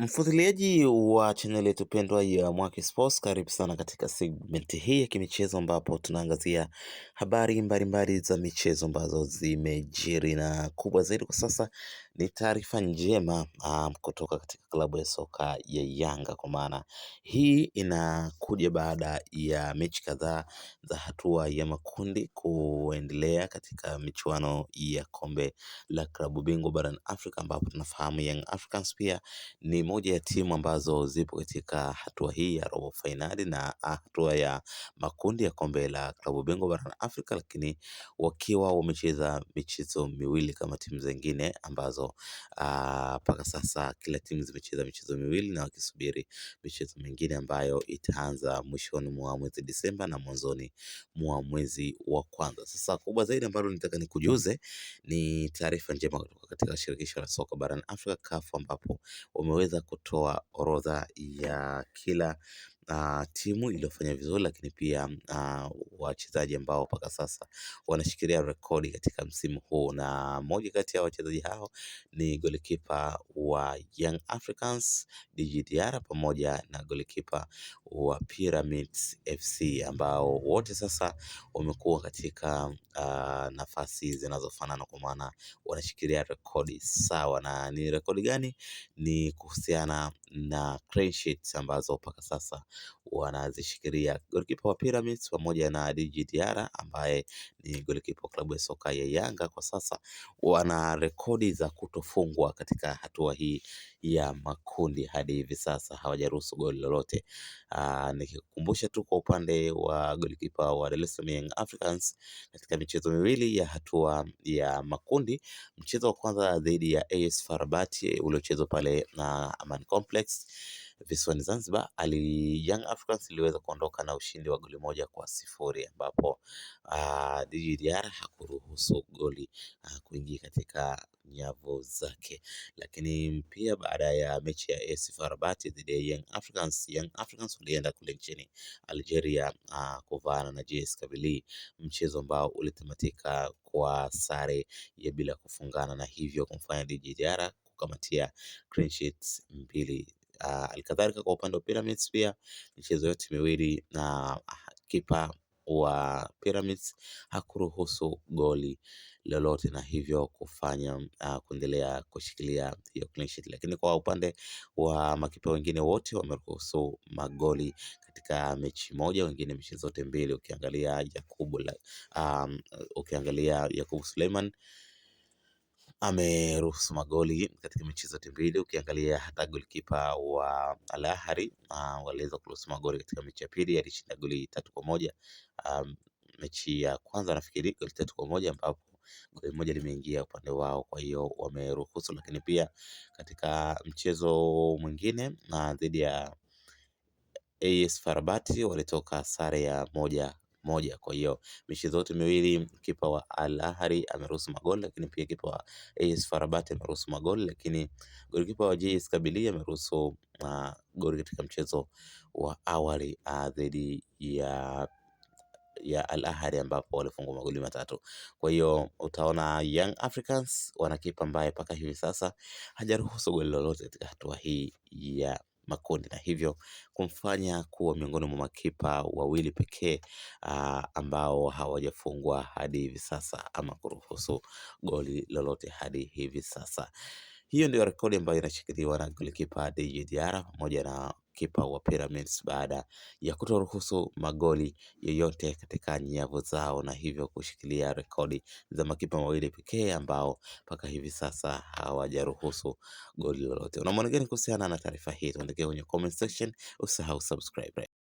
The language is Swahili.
Mfuatiliaji wa channel yetu pendwa ya Mwaki Sports, karibu sana katika segment hii ya kimichezo, ambapo tunaangazia habari mbalimbali za michezo ambazo zimejiri, na kubwa zaidi kwa sasa ni taarifa njema um, kutoka katika klabu ya soka ya Yanga kwa maana hii inakuja baada ya mechi kadhaa za hatua ya makundi kuendelea katika michuano ya kombe la klabu bingwa barani Afrika ambapo tunafahamu Young Africans pia ni moja ya timu ambazo zipo katika hatua hii ya robo fainali na ah, hatua ya makundi ya kombe la klabu bingwa barani Afrika, lakini wakiwa wamecheza michezo miwili kama timu zingine ambazo mpaka ah, mpaka sasa kila timu zimecheza michezo miwili na wakisubiri michezo mingine ambayo itaanza mwishoni mwa mwezi Disemba na mwanzoni mwa mwezi wa kwanza. Sasa kubwa zaidi ambalo nitaka nikujuze ni taarifa njema kutoka katika shirikisho la soka barani Afrika CAF ambapo wameweza kutoa orodha ya kila uh, timu iliyofanya vizuri, lakini pia uh, wachezaji ambao mpaka sasa wanashikilia rekodi katika msimu huu, na moja kati ya wachezaji hao ni golikipa wa Young Africans Djigui Diarra pamoja na golikipa wa Pyramids FC ambao wote sasa wamekuwa katika uh, nafasi zinazofanana kwa maana wanashikilia rekodi sawa. Na ni rekodi gani? Ni kuhusiana na clean sheets ambazo mpaka sasa wanazishikilia. Golikipa wa Pyramids pamoja na Djigui Diarra ambaye ni golikipa wa klabu ya soka ya Yanga kwa sasa wana rekodi za kutofungwa katika hatua hii ya makundi hadi hivi sasa hawajaruhusu goli lolote. Ah, nikikumbusha tu kwa upande wa golikipa wa Dar es Salaam Young Africans katika michezo miwili ya hatua ya makundi, mchezo wa kwanza dhidi ya AS FAR Rabat uliochezwa pale na Amaan Complex visiwani Zanzibar ali Young Africans iliweza kuondoka na ushindi wa goli moja kwa sifuri ambapo uh, ah, Djigui Diarra hakuruhusu goli uh, kuingia katika nyavu zake, lakini pia baada ya mechi ya AS FAR Rabat dhidi ya Young Africans, Young Africans walienda kule nchini Algeria uh, kuvaana na JS Kabylie, mchezo ambao ulitamatika kwa sare ya bila kufungana na hivyo kumfanya Djigui Diarra kukamatia clean sheets mbili Ah, Alikadhalika kwa upande wa Pyramids pia michezo yote miwili na kipa wa Pyramids hakuruhusu goli lolote na hivyo kufanya ah, kuendelea kushikilia hiyo clean sheet. Lakini kwa upande wa makipa wengine wote wameruhusu magoli katika mechi moja, wengine mechi zote mbili ukiangalia Yakubu ah, Suleiman ameruhusu magoli katika mechi zote mbili. Ukiangalia hata golikipa wa Al Ahly uh, waliweza kuruhusu magoli katika mechi ya pili, alishinda goli tatu kwa moja. Um, mechi ya kwanza nafikiri goli tatu kwa moja ambapo goli moja limeingia upande wao, kwa hiyo wameruhusu. Lakini pia katika mchezo mwingine na ah, dhidi ya AS Farabati walitoka sare ya moja moja. Kwa hiyo michezo yote miwili kipa wa Al Ahly ameruhusu magoli, lakini pia kipa wa AS FAR Rabat ameruhusu magoli, lakini golikipa wa JS Kabylie ameruhusu uh, goli katika mchezo wa awali ah, dhidi uh, ya ya Al Ahly ambapo walifungwa magoli matatu. Kwa hiyo utaona Young Africans wana kipa ambaye mpaka hivi sasa hajaruhusu goli lolote katika hatua hii ya makundi na hivyo kumfanya kuwa miongoni mwa makipa wawili pekee ambao hawajafungwa hadi hivi sasa ama kuruhusu goli lolote hadi hivi sasa. Hiyo ndio rekodi ambayo inashikiliwa na golikipa Djigui Diarra pamoja na kipa wa Pyramids baada ya kutoruhusu magoli yoyote katika nyavu zao na hivyo kushikilia rekodi za makipa mawili pekee ambao mpaka hivi sasa hawajaruhusu goli lolote. Unamwona gani kuhusiana na taarifa hii? Tuandikie kwenye comment section, usahau subscribe.